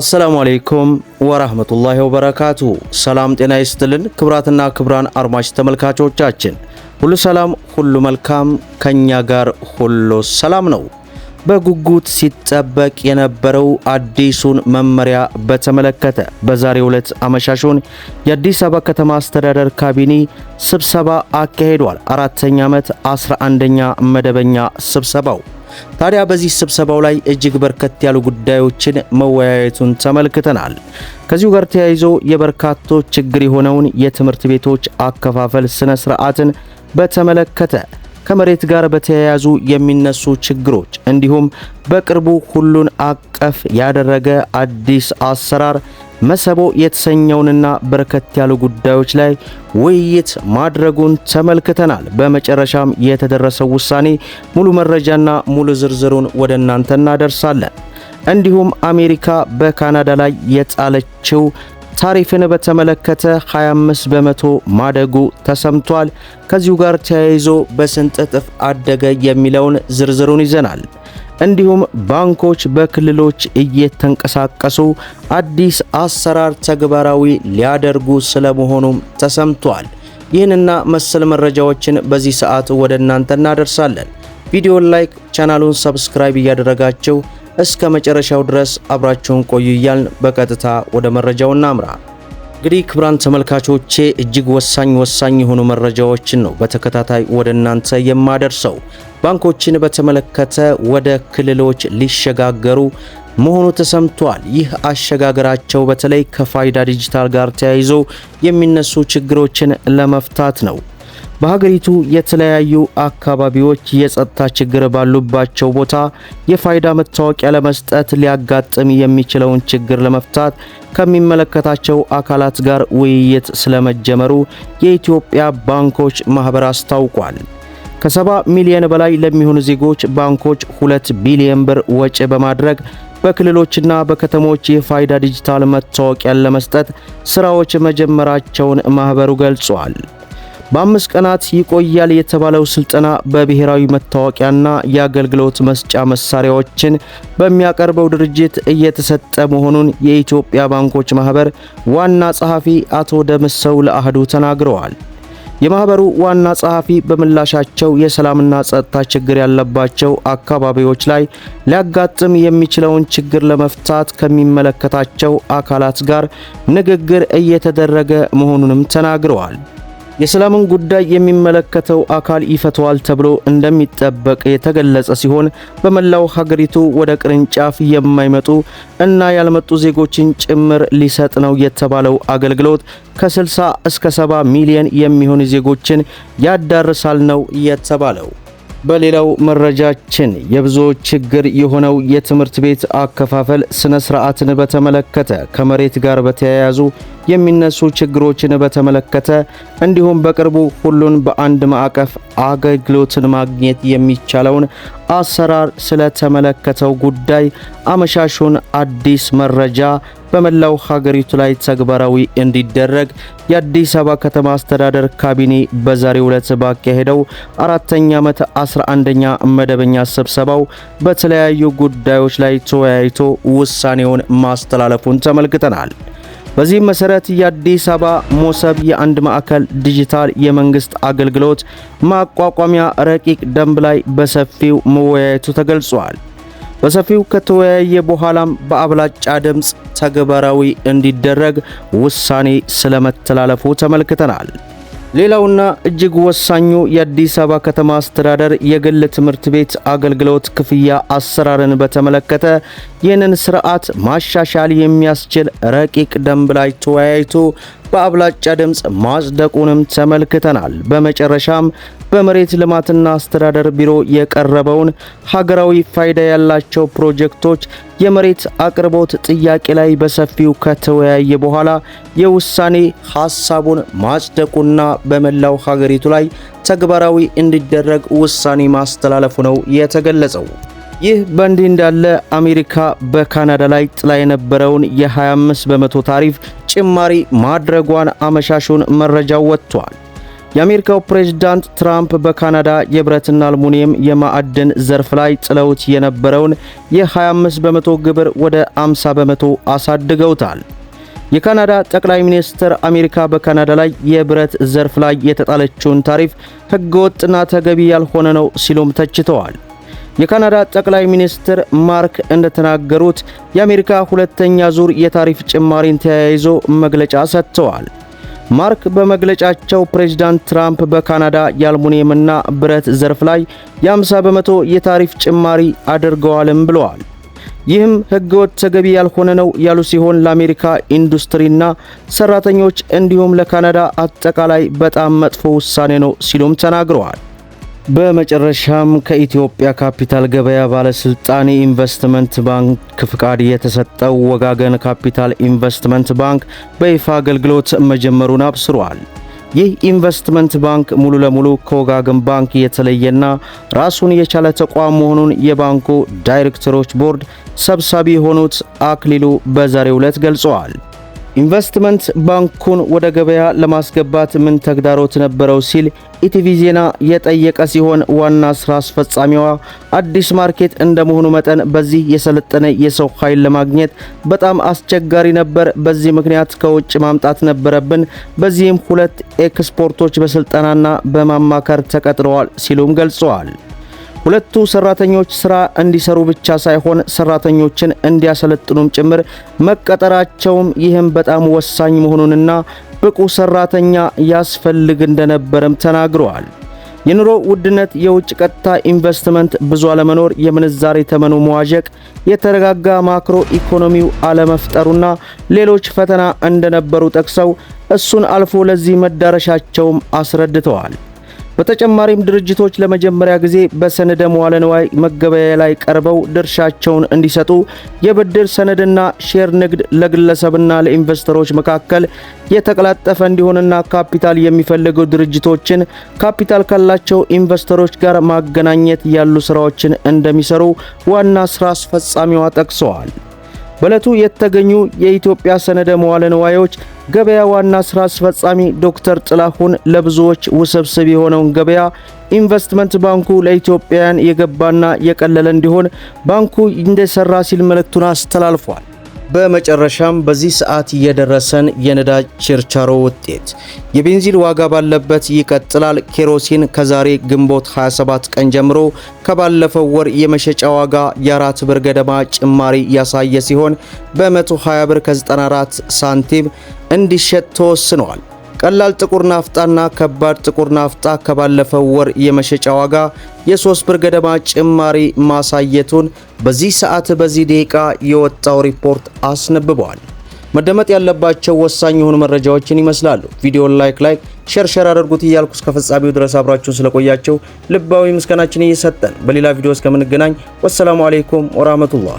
አሰላሙ አሌይኩም ወራህመቱላሂ ወበረካቱ። ሰላም ጤና ይስጥልን። ክብራትና ክብራን አድማጭ ተመልካቾቻችን ሁሉ ሰላም፣ ሁሉ መልካም፣ ከኛ ጋር ሁሉ ሰላም ነው። በጉጉት ሲጠበቅ የነበረው አዲሱን መመሪያ በተመለከተ በዛሬው ዕለት አመሻሹን የአዲስ አበባ ከተማ አስተዳደር ካቢኔ ስብሰባ አካሂዷል። አራተኛ ዓመት 11ኛ መደበኛ ስብሰባው ታዲያ በዚህ ስብሰባው ላይ እጅግ በርከት ያሉ ጉዳዮችን መወያየቱን ተመልክተናል። ከዚሁ ጋር ተያይዞ የበርካቶች ችግር የሆነውን የትምህርት ቤቶች አከፋፈል ስነ ስርዓትን በተመለከተ ከመሬት ጋር በተያያዙ የሚነሱ ችግሮች እንዲሁም በቅርቡ ሁሉን አቀፍ ያደረገ አዲስ አሰራር መሰቦ የተሰኘውንና በርከት ያሉ ጉዳዮች ላይ ውይይት ማድረጉን ተመልክተናል። በመጨረሻም የተደረሰው ውሳኔ ሙሉ መረጃና ሙሉ ዝርዝሩን ወደ እናንተ እናደርሳለን። እንዲሁም አሜሪካ በካናዳ ላይ የጣለችው ታሪፍን በተመለከተ 25 በመቶ ማደጉ ተሰምቷል። ከዚሁ ጋር ተያይዞ በስንት እጥፍ አደገ የሚለውን ዝርዝሩን ይዘናል። እንዲሁም ባንኮች በክልሎች እየተንቀሳቀሱ አዲስ አሰራር ተግባራዊ ሊያደርጉ ስለመሆኑም ተሰምቷል። ይህንና መሰል መረጃዎችን በዚህ ሰዓት ወደ እናንተ እናደርሳለን። ቪዲዮን ላይክ፣ ቻናሉን ሰብስክራይብ እያደረጋችሁ እስከ መጨረሻው ድረስ አብራችሁን ቆዩ እያልን በቀጥታ ወደ መረጃው እናምራ። እንግዲህ ክቡራን ተመልካቾቼ እጅግ ወሳኝ ወሳኝ የሆኑ መረጃዎችን ነው በተከታታይ ወደ እናንተ የማደርሰው። ባንኮችን በተመለከተ ወደ ክልሎች ሊሸጋገሩ መሆኑ ተሰምቷል። ይህ አሸጋገራቸው በተለይ ከፋይዳ ዲጂታል ጋር ተያይዞ የሚነሱ ችግሮችን ለመፍታት ነው። በሀገሪቱ የተለያዩ አካባቢዎች የጸጥታ ችግር ባሉባቸው ቦታ የፋይዳ መታወቂያ ለመስጠት ሊያጋጥም የሚችለውን ችግር ለመፍታት ከሚመለከታቸው አካላት ጋር ውይይት ስለመጀመሩ የኢትዮጵያ ባንኮች ማህበር አስታውቋል። ከሰባ ሚሊዮን በላይ ለሚሆኑ ዜጎች ባንኮች ሁለት ቢሊዮን ብር ወጪ በማድረግ በክልሎችና በከተሞች የፋይዳ ዲጂታል መታወቂያን ለመስጠት ስራዎች መጀመራቸውን ማህበሩ ገልጿል። በአምስት ቀናት ይቆያል የተባለው ስልጠና በብሔራዊ መታወቂያና የአገልግሎት መስጫ መሳሪያዎችን በሚያቀርበው ድርጅት እየተሰጠ መሆኑን የኢትዮጵያ ባንኮች ማህበር ዋና ጸሐፊ አቶ ደምሰው ለአህዱ ተናግረዋል። የማህበሩ ዋና ጸሐፊ በምላሻቸው የሰላምና ጸጥታ ችግር ያለባቸው አካባቢዎች ላይ ሊያጋጥም የሚችለውን ችግር ለመፍታት ከሚመለከታቸው አካላት ጋር ንግግር እየተደረገ መሆኑንም ተናግረዋል። የሰላምን ጉዳይ የሚመለከተው አካል ይፈተዋል ተብሎ እንደሚጠበቅ የተገለጸ ሲሆን በመላው ሀገሪቱ ወደ ቅርንጫፍ የማይመጡ እና ያልመጡ ዜጎችን ጭምር ሊሰጥ ነው የተባለው አገልግሎት ከ60 እስከ 70 ሚሊዮን የሚሆኑ ዜጎችን ያዳርሳል ነው የተባለው። በሌላው መረጃችን የብዙዎች ችግር የሆነው የትምህርት ቤት አከፋፈል ስነ ስርዓትን በተመለከተ ከመሬት ጋር በተያያዙ የሚነሱ ችግሮችን በተመለከተ እንዲሁም በቅርቡ ሁሉን በአንድ ማዕቀፍ አገልግሎትን ማግኘት የሚቻለውን አሰራር ስለተመለከተው ጉዳይ አመሻሹን አዲስ መረጃ በመላው ሀገሪቱ ላይ ተግባራዊ እንዲደረግ የአዲስ አበባ ከተማ አስተዳደር ካቢኔ በዛሬው ዕለት ባካሄደው አራተኛ ዓመት 11ኛ መደበኛ ስብሰባው በተለያዩ ጉዳዮች ላይ ተወያይቶ ውሳኔውን ማስተላለፉን ተመልክተናል። በዚህም መሰረት የአዲስ አበባ ሞሰብ የአንድ ማዕከል ዲጂታል የመንግስት አገልግሎት ማቋቋሚያ ረቂቅ ደንብ ላይ በሰፊው መወያየቱ ተገልጿል። በሰፊው ከተወያየ በኋላም በአብላጫ ድምፅ ተግባራዊ እንዲደረግ ውሳኔ ስለመተላለፉ ተመልክተናል። ሌላውና እጅግ ወሳኙ የአዲስ አበባ ከተማ አስተዳደር የግል ትምህርት ቤት አገልግሎት ክፍያ አሰራርን በተመለከተ ይህንን ስርዓት ማሻሻል የሚያስችል ረቂቅ ደንብ ላይ ተወያይቶ በአብላጫ ድምፅ ማጽደቁንም ተመልክተናል። በመጨረሻም በመሬት ልማትና አስተዳደር ቢሮ የቀረበውን ሀገራዊ ፋይዳ ያላቸው ፕሮጀክቶች የመሬት አቅርቦት ጥያቄ ላይ በሰፊው ከተወያየ በኋላ የውሳኔ ሐሳቡን ማጽደቁና በመላው ሀገሪቱ ላይ ተግባራዊ እንዲደረግ ውሳኔ ማስተላለፉ ነው የተገለጸው። ይህ በእንዲህ እንዳለ አሜሪካ በካናዳ ላይ ጥላ የነበረውን የ25 በመቶ ታሪፍ ጭማሪ ማድረጓን አመሻሹን መረጃው ወጥቷል። የአሜሪካው ፕሬዝዳንት ትራምፕ በካናዳ የብረትና አልሙኒየም የማዕድን ዘርፍ ላይ ጥለውት የነበረውን የ25 በመቶ ግብር ወደ 50 በመቶ አሳድገውታል። የካናዳ ጠቅላይ ሚኒስትር አሜሪካ በካናዳ ላይ የብረት ዘርፍ ላይ የተጣለችውን ታሪፍ ሕገወጥና ተገቢ ያልሆነ ነው ሲሉም ተችተዋል። የካናዳ ጠቅላይ ሚኒስትር ማርክ እንደተናገሩት የአሜሪካ ሁለተኛ ዙር የታሪፍ ጭማሪን ተያይዞ መግለጫ ሰጥተዋል። ማርክ በመግለጫቸው ፕሬዚዳንት ትራምፕ በካናዳ የአልሙኒየምና ብረት ዘርፍ ላይ የ50 በመቶ የታሪፍ ጭማሪ አድርገዋልም ብለዋል። ይህም ህገወጥ ተገቢ ያልሆነ ነው ያሉ ሲሆን ለአሜሪካ ኢንዱስትሪና ሰራተኞች እንዲሁም ለካናዳ አጠቃላይ በጣም መጥፎ ውሳኔ ነው ሲሉም ተናግረዋል። በመጨረሻም ከኢትዮጵያ ካፒታል ገበያ ባለስልጣን የኢንቨስትመንት ባንክ ፍቃድ የተሰጠው ወጋገን ካፒታል ኢንቨስትመንት ባንክ በይፋ አገልግሎት መጀመሩን አብስሯል። ይህ ኢንቨስትመንት ባንክ ሙሉ ለሙሉ ከወጋገን ባንክ የተለየና ራሱን የቻለ ተቋም መሆኑን የባንኩ ዳይሬክተሮች ቦርድ ሰብሳቢ የሆኑት አክሊሉ በዛሬው ዕለት ገልጸዋል። ኢንቨስትመንት ባንኩን ወደ ገበያ ለማስገባት ምን ተግዳሮት ነበረው ሲል ኢቲቪ ዜና የጠየቀ ሲሆን ዋና ስራ አስፈጻሚዋ አዲስ ማርኬት እንደመሆኑ መጠን በዚህ የሰለጠነ የሰው ኃይል ለማግኘት በጣም አስቸጋሪ ነበር። በዚህ ምክንያት ከውጭ ማምጣት ነበረብን። በዚህም ሁለት ኤክስፖርቶች በስልጠናና በማማከር ተቀጥረዋል ሲሉም ገልጸዋል። ሁለቱ ሰራተኞች ስራ እንዲሰሩ ብቻ ሳይሆን ሰራተኞችን እንዲያሰለጥኑም ጭምር መቀጠራቸውም ይህም በጣም ወሳኝ መሆኑንና ብቁ ሰራተኛ ያስፈልግ እንደነበረም ተናግረዋል። የኑሮ ውድነት፣ የውጭ ቀጥታ ኢንቨስትመንት ብዙ አለመኖር፣ የምንዛሬ ተመኑ መዋዠቅ፣ የተረጋጋ ማክሮ ኢኮኖሚው አለመፍጠሩና ሌሎች ፈተና እንደነበሩ ጠቅሰው እሱን አልፎ ለዚህ መዳረሻቸውም አስረድተዋል። በተጨማሪም ድርጅቶች ለመጀመሪያ ጊዜ በሰነደ መዋለ ንዋይ ላይ ቀርበው ድርሻቸውን እንዲሰጡ የብድር ሰነድና ሼር ንግድ ለግለሰብና ለኢንቨስተሮች መካከል የተቀላጠፈ እንዲሆንና ካፒታል የሚፈልጉ ድርጅቶችን ካፒታል ካላቸው ኢንቨስተሮች ጋር ማገናኘት ያሉ ስራዎችን እንደሚሰሩ ዋና ስራ አስፈጻሚዋ ጠቅሰዋል። በእለቱ የተገኙ የኢትዮጵያ ሰነደ መዋለ ንዋዮች ገበያ ዋና ስራ አስፈጻሚ ዶክተር ጥላሁን ለብዙዎች ውስብስብ የሆነውን ገበያ ኢንቨስትመንት ባንኩ ለኢትዮጵያውያን የገባና የቀለለ እንዲሆን ባንኩ እንደሰራ ሲል መልእክቱን አስተላልፏል። በመጨረሻም በዚህ ሰዓት እየደረሰን የነዳጅ ችርቻሮ ውጤት የቤንዚን ዋጋ ባለበት ይቀጥላል። ኬሮሲን ከዛሬ ግንቦት 27 ቀን ጀምሮ ከባለፈው ወር የመሸጫ ዋጋ የአራት ብር ገደማ ጭማሪ ያሳየ ሲሆን በ120 ብር ከ94 ሳንቲም እንዲሸጥ ተወስኗል። ቀላል ጥቁር ናፍጣና ከባድ ጥቁር ናፍጣ ከባለፈው ወር የመሸጫ ዋጋ የሶስት ብር ገደማ ጭማሪ ማሳየቱን በዚህ ሰዓት በዚህ ደቂቃ የወጣው ሪፖርት አስነብበዋል። መደመጥ ያለባቸው ወሳኝ የሆኑ መረጃዎችን ይመስላሉ። ቪዲዮን ላይክ ላይክ ሼር ሼር አድርጉት እያልኩ እስከ ፍጻሜው ድረስ አብራችሁን ስለቆያቸው ልባዊ ምስጋናችን እየሰጠን በሌላ ቪዲዮ እስከምንገናኝ ወሰላሙ አሌይኩም ወራህመቱላህ